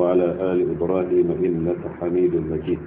وعلى آل إبراهيم إنك حميد مجيد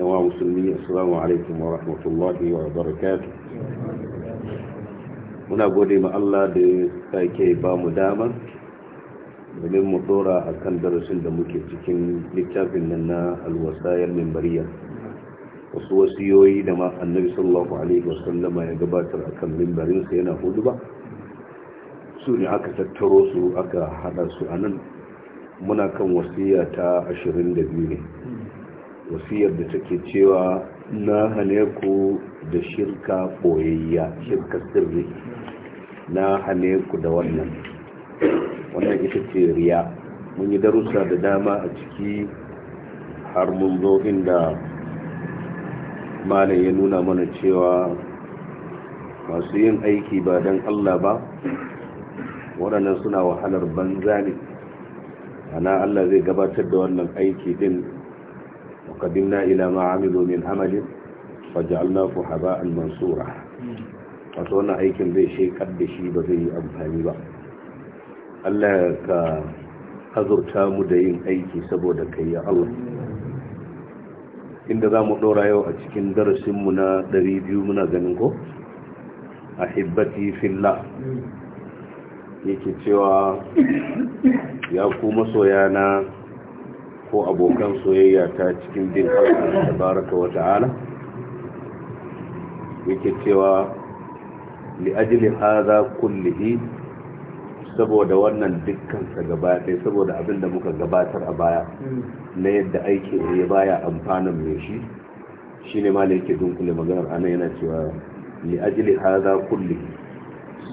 نواع مسلمي السلام عليكم ورحمة الله وبركاته muna gode ma Allah da ya ke ba mu dama domin mu dora a kan darasin da muke cikin littafin nan na alwasayar mimbariya wasu wasiyoyi da ma annabi sallallahu alaihi wasallama ya gabatar a kan mimbarinsa yana hudu ba su ne aka tattaro su aka hada su a nan muna kan wasiya ta 22 ne wasiyar da take cewa na hane ku da shirka koyayya shirka sirri na hane ku da wannan wannan ita ce riya mun yi darussa da dama a ciki har mun zo inda malam ya nuna mana cewa masu yin aiki ba don allah ba waɗannan suna wahalar banza ne ana Allah zai gabatar da wannan aiki din وقدمنا إلى ما عملوا من عمل فجعلناه mansura wato wannan aikin zai shi da shi ba zai yi amfani ba Allah ka azurta mu da yin aiki saboda kai ya Allah inda zamu mu ɗora yau a cikin darasin mu na 200 muna ganin ko a fillah yake cewa ya ku masoya na ko abokan soyayya ta cikin din Allah tabaraka wa ta'ala yake cewa li ajli hadha kullihi saboda wannan dukkansa gaba ɗaya saboda abin da muka gabatar a baya na yadda aiki ya baya amfanin mai shi shine ma da yake dunkule maganar ana yana cewa li ajli hadha kullihi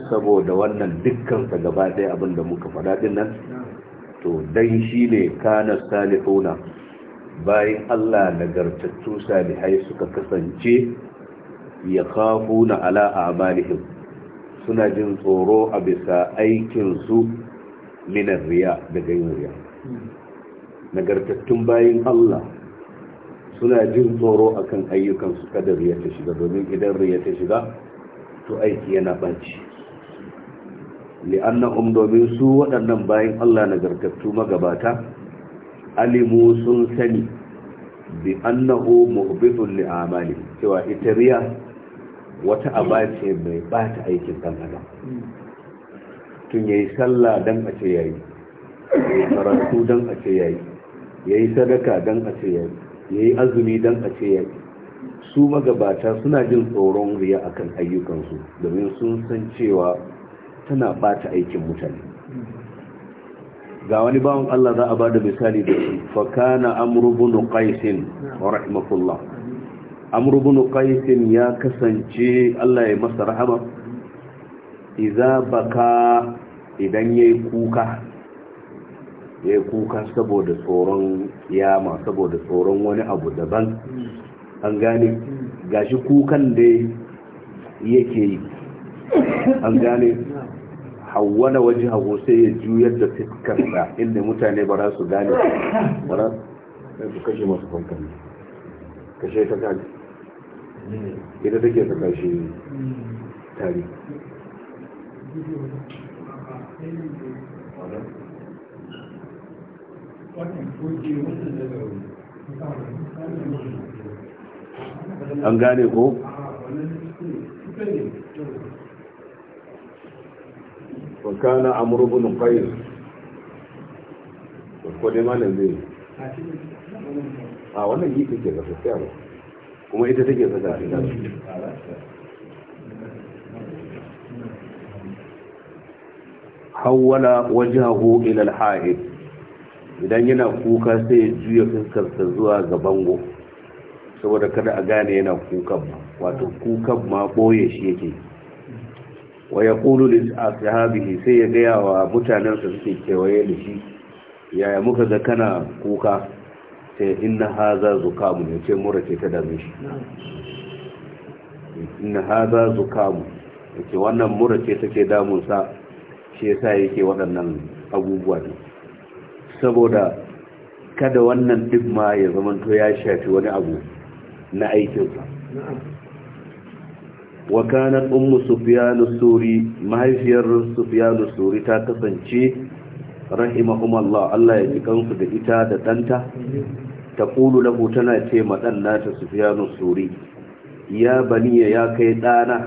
saboda wannan dukkan sa gaba ɗaya abin da muka faɗa din nan to dan shine kana salihuna bayan Allah nagartattu salihai suka kasance ya kafuna ala a'malihim suna jin tsoro a bisa aikin su minar riya daga yin riya nagartattun bayan Allah suna jin tsoro akan ayyukansu kada riya ta shiga domin idan riya ta shiga to aiki yana ɓaci li'annahum domin su waɗannan bayan Allah nagartattu magabata alimu sun sani bi annahu muhbitun li'amali cewa ita wata aba ce mai bata aikin dan adam tun yayi sallah dan a ce yayi yayi karatu dan a ce yayi yayi sadaka dan a ce yayi yayi azumi dan a ce yayi su magabata suna jin tsoron riya akan ayyukansu domin sun san cewa tana bata aikin mutane ga wani bawan Allah za a ba da misali da shi fa kana amru bin qais amru bin qais ya kasance Allah ya masa rahama idza baka idan yayi kuka yayi kuka saboda tsoron yama saboda tsoron wani abu daban an gane gashi kukan da yake yi an gane hawwana waje hagu sai ya juyar da da inda mutane ba su gane ba za su kashe masu fankan kashe ta gane ita take ta kashe tari an gane ko وكان عمرو بن قيس وكل ما نزل a wannan yi take ga gaskiya ba kuma ita take saka a ina hawwala wajahu ila idan yana kuka sai ya juya fuskarsa zuwa ga bango saboda kada a gane yana kukan ma wato kukan ma boye shi yake wa ya ƙulu da ashabihi sai ya gaya wa mutanensa suke kewaye da shi yaya muka ga kana kuka sai inna haza zukamu ya ce mura ce ta dame shi inna haza zukamu ya ce wannan mura ce take damunsa shi yasa yake waɗannan abubuwa ne saboda kada wannan duk ma ya to ya shafi wani abu na aikinsa wa kanat ummu sufyan as-suri mahaifiyar sufyan as-suri ta kasance rahimahumullah Allah ya ji kansu da ita da danta taqulu lahu tana ce ma dan nata sufyan as-suri ya baniya ya kai dana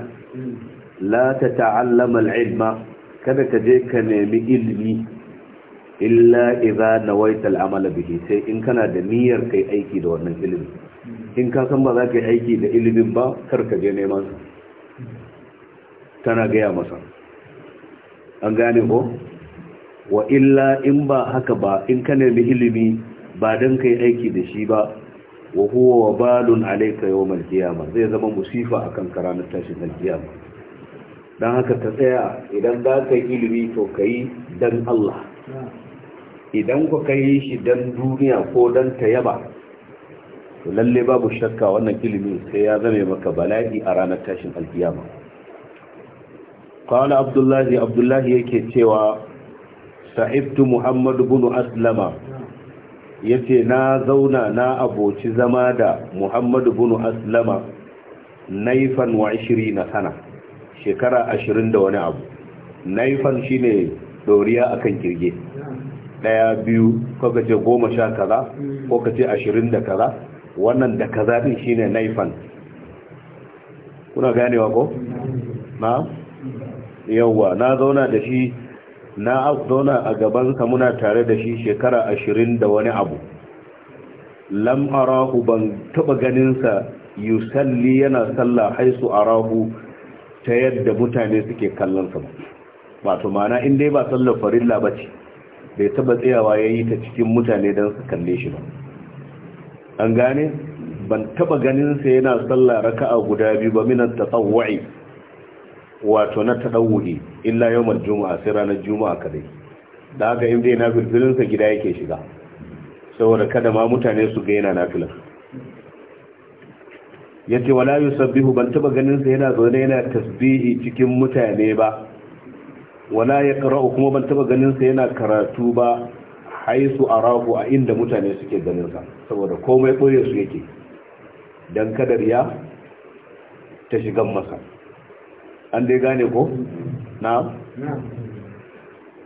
la ta'allama al-ilma kada ka je ka nemi ilimi illa idza nawaita al-amala bihi sai in kana da niyyar kai aiki da wannan ilimi in ka san ba za ka yi aiki da ilimin ba kar ka je neman su. tana gaya masa an gane ko wa illa in ba haka ba in ka nemi ilimi ba don kai aiki da shi ba wa huwa wa balun alaika yau malkiyama zai zama musifa a kan ranar tashin malkiyama don haka ta tsaya idan za ka yi ilimi to ka yi don Allah idan ku ka yi shi dan duniya ko dan ta yaba to lalle babu shakka wannan ilimin sai ya zame maka bala'i a ranar tashin alkiyama قال عبد الله عبد الله yake cewa sa'ibtu muhammad ibn aslama yace na zauna na aboci zama da muhammad ibn aslama naifan wa 20 sana shekara 20 da wani abu naifan shine doriya akan kirge daya biyu ko kace 10 kaza ko kace 20 da kaza wannan da kaza din shine naifan kuna ganewa ko na'am yawwa na zauna da shi na zauna a gabansa muna tare da shi shekara ashirin da wani abu lam arahu ban taba ganinsa yusalli yana sallah haisu arahu ta yadda mutane suke kallonsa ba wato mana in dai ba sallar farilla ba ce bai taba tsayawa ya yi ta cikin mutane don su kalle shi ba an gane ban taba ganinsa yana sallah raka'a guda biyu ba minan tasawwa'i wato na taɗawuri illa yawan juma'a sai ranar juma'a kadai da haka in dai na filfilinsa gida yake shiga saboda kada ma mutane su ga yana nafilar ya ce wala sabbihu ban taɓa ganinsa yana zaune yana tasbihi cikin mutane ba wala ya ƙara'u kuma ban taba ganinsa yana karatu ba haisu a rahu a inda mutane suke ganinsa saboda komai ɓoye su yake Dan kadar ya ta shigan masa an dai gane ko na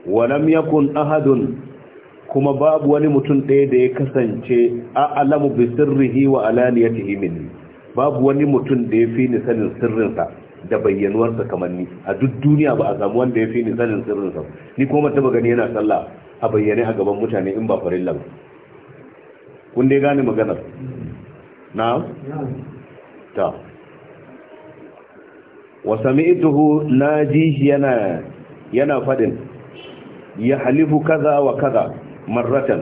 walam yakun ahadun kuma babu wani mutum ɗaya da ya kasance a alamu bi sirrihi wa alaniyatihi minni babu wani mutum da ya fi ni sanin sirrinsa da bayyanuwarsa kamar ni a duk duniya ba a samu wanda ya fi ni sanin sirrinsa ni kuma ta gani yana sallah a bayyane a gaban mutane in ba farilla ba kun dai gane maganar na ta wa sami'tuhu naji yana yana fadin ya halifu kaza wa kaza marratan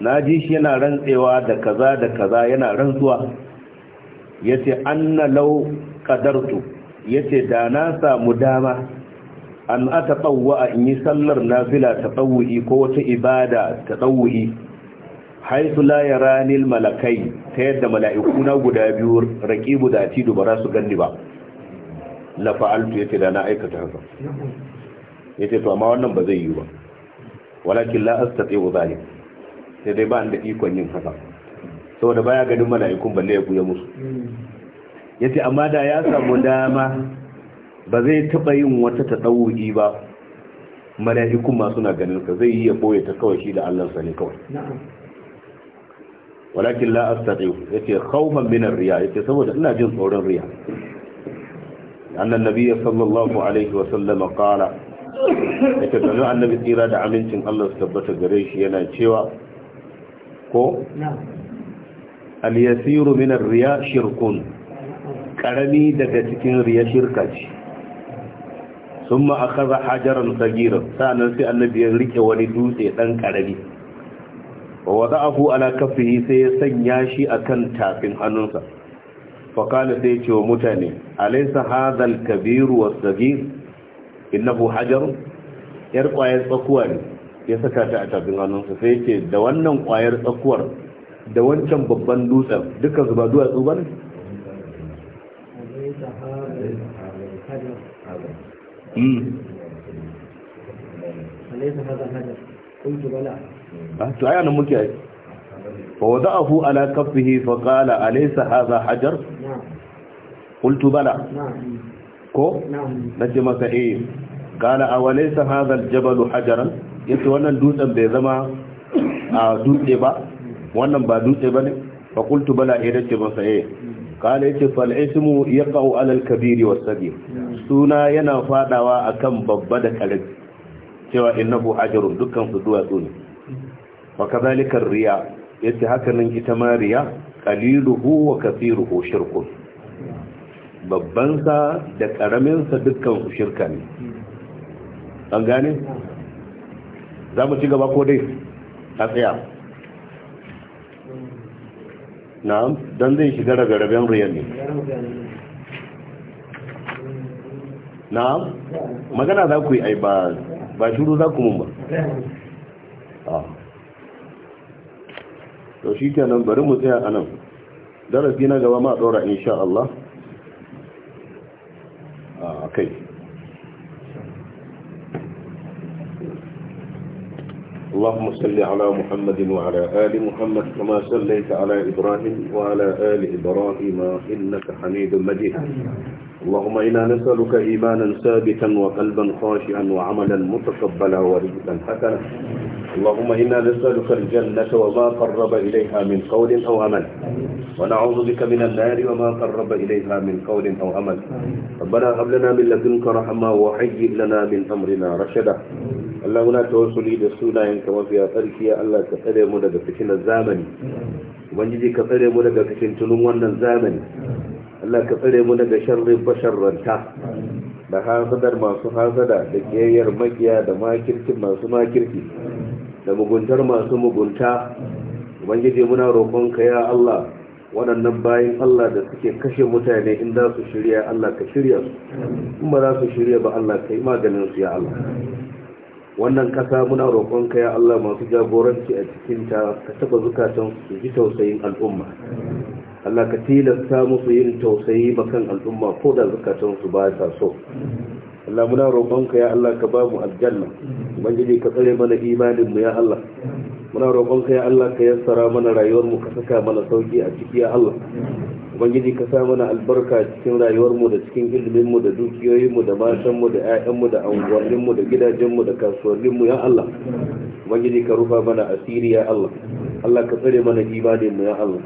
naji shi yana rantsewa da kaza da kaza yana rantsuwa yace anna law Ya yace da na samu dama an atatawwa a yi sallar nafila tatawwi ko wata ibada tatawwi haisu la yaranil malakai ta yadda mala'iku na guda biyu raki da tidu ba su ganni ba na fa'altu yace da na aikata haka yace to amma wannan ba zai yi ba walakin la astati'u zalik sai dai ba da ikon yin haka saboda baya ganin mana ikon balle ya buya musu yace amma da ya samu dama ba zai taba yin wata ta tadawuyi ba ikon masu suna ganin ka zai yi ya boye ta kawai shi da Allah sa ne kawai walakin ta astati'u yace ce min minar riya yace saboda ina jin tsoron riya أن النبي صلى الله عليه وسلم قال يتبعنا أن النبي تيرا دعا منتن الله سبت قريش ينا تشوى كو اليسير من الرياء شرك كرمي دقتكين رياء شركة ثم أخذ حجرا صغيرا سأنا سي النبي يريك ولدوسي تن كرمي ووضعه على كفه سيسنياشي أكن تافن حنونسا faƙala sai ce wa mutane alaisa hazal kabiru wa sagir innahu hajar yar ƙwayar tsakuwa ne ya saka ta a tafin hannunsa sai ce da wannan ƙwayar tsakuwar da wancan babban dutsen dukkan su ba duwatsu ba ne to aya nan muke fa wada'ahu ala kaffihi fa qala alaysa hadha hajar qultu ko nace masa eh qala awalaysa hadha aljabal hajaran yace wannan dutsen bai zama a dutse ba wannan ba dutse bane fa qultu bala eh nace masa eh kala yace fal ismu yaqa'u ala al kabir was suna yana fadawa akan babba da karami cewa innahu dukkan su duwatsu ne riya yadda haka nan ita mariya qaliluhu wa kathiruhu shirkun babban sa da karamin sa dukkan su shirka ne an gane za mu ci gaba ko dai a tsaya na'am dan zai shiga daga rabin riyan ne na'am magana za ku yi ai ba ba shiru za ku mun ba ah. to shi kenan bari mu tsaya anan darasi na gaba ma ɗora insha Allah a kai اللهم صل على محمد وعلى آل محمد كما صليت على إبراهيم وعلى آل إبراهيم إنك حميد مجيد اللهم إنا نسألك إيمانا ثابتا وقلبا خاشعا وعملا متقبلا ورزقا حسنا اللهم إنا نسألك الجنة وما قرب إليها من قول أو عمل ونعوذ بك من النار وما قرب إليها من قول أو عمل ربنا هب لنا من لدنك رحمة وهيئ لنا من أمرنا رشدا اللهم لا توصلي لسونا إنك وفي أتركي ألا تقري مدد فتن الزامن وانجدي كقري مدد فتن تنوانا الزامن ألا كقري مدد شر بشر تا da hasadar masu hasada da kiyayyar makiya da makirki masu makirki da muguntar masu mugunta ubangiji muna roƙonka ya Allah waɗannan bayan Allah da suke kashe mutane in za su shirya Allah ka shirya su in ba za su shirya ba Allah ka yi maganin su ya Allah wannan kasa muna roƙonka ya Allah masu jagoranci a cikinta ka taɓa zukatan su ji tausayin al'umma Allah ka tilasta musu yin tausayi kan al'umma ko da su ba sa so Allah muna roƙonka ya Allah ka ba mu aljanna ubangiji ka tsare mana imanin mu ya Allah muna roƙon ka ya Allah ka yassara mana rayuwar mu ka saka mana sauki a ciki ya Allah ubangiji ka sa mana albarka cikin rayuwar mu da cikin ilimin mu da dukiyoyin mu da matan mu da ƴaƴan mu da anguwannin mu da gidajen mu da kasuwannin mu ya Allah ubangiji ka rufa mana asiri ya Allah Allah ka tsare mana imanin mu ya Allah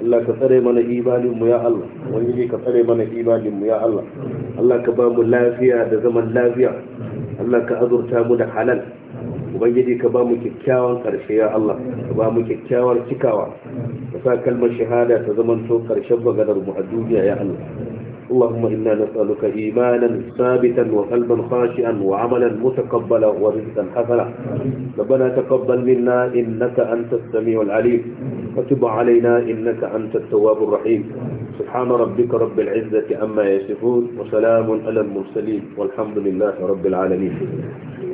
Allah ka tsare mana imanin mu ya Allah ubangiji ka tsare mana imanin mu ya Allah Allah ka ba mu lafiya da zaman lafiya Allah ka azurta mu da halal ubangiji ka ba mu kyakkyawan karshe ya Allah ka ba mu kyakkyawar cikawa ka sa kalmar shahada ta zaman to karshen bagadar mu a duniya ya Allah اللهم إنا نسألك إيمانا ثابتا وقلبا خاشعا وعملا متقبلا ورزقا حسنا ربنا تقبل منا إنك أنت السميع العليم فتب علينا إنك أنت التواب الرحيم سبحان ربك رب العزة أما يصفون وسلام على المرسلين والحمد لله رب العالمين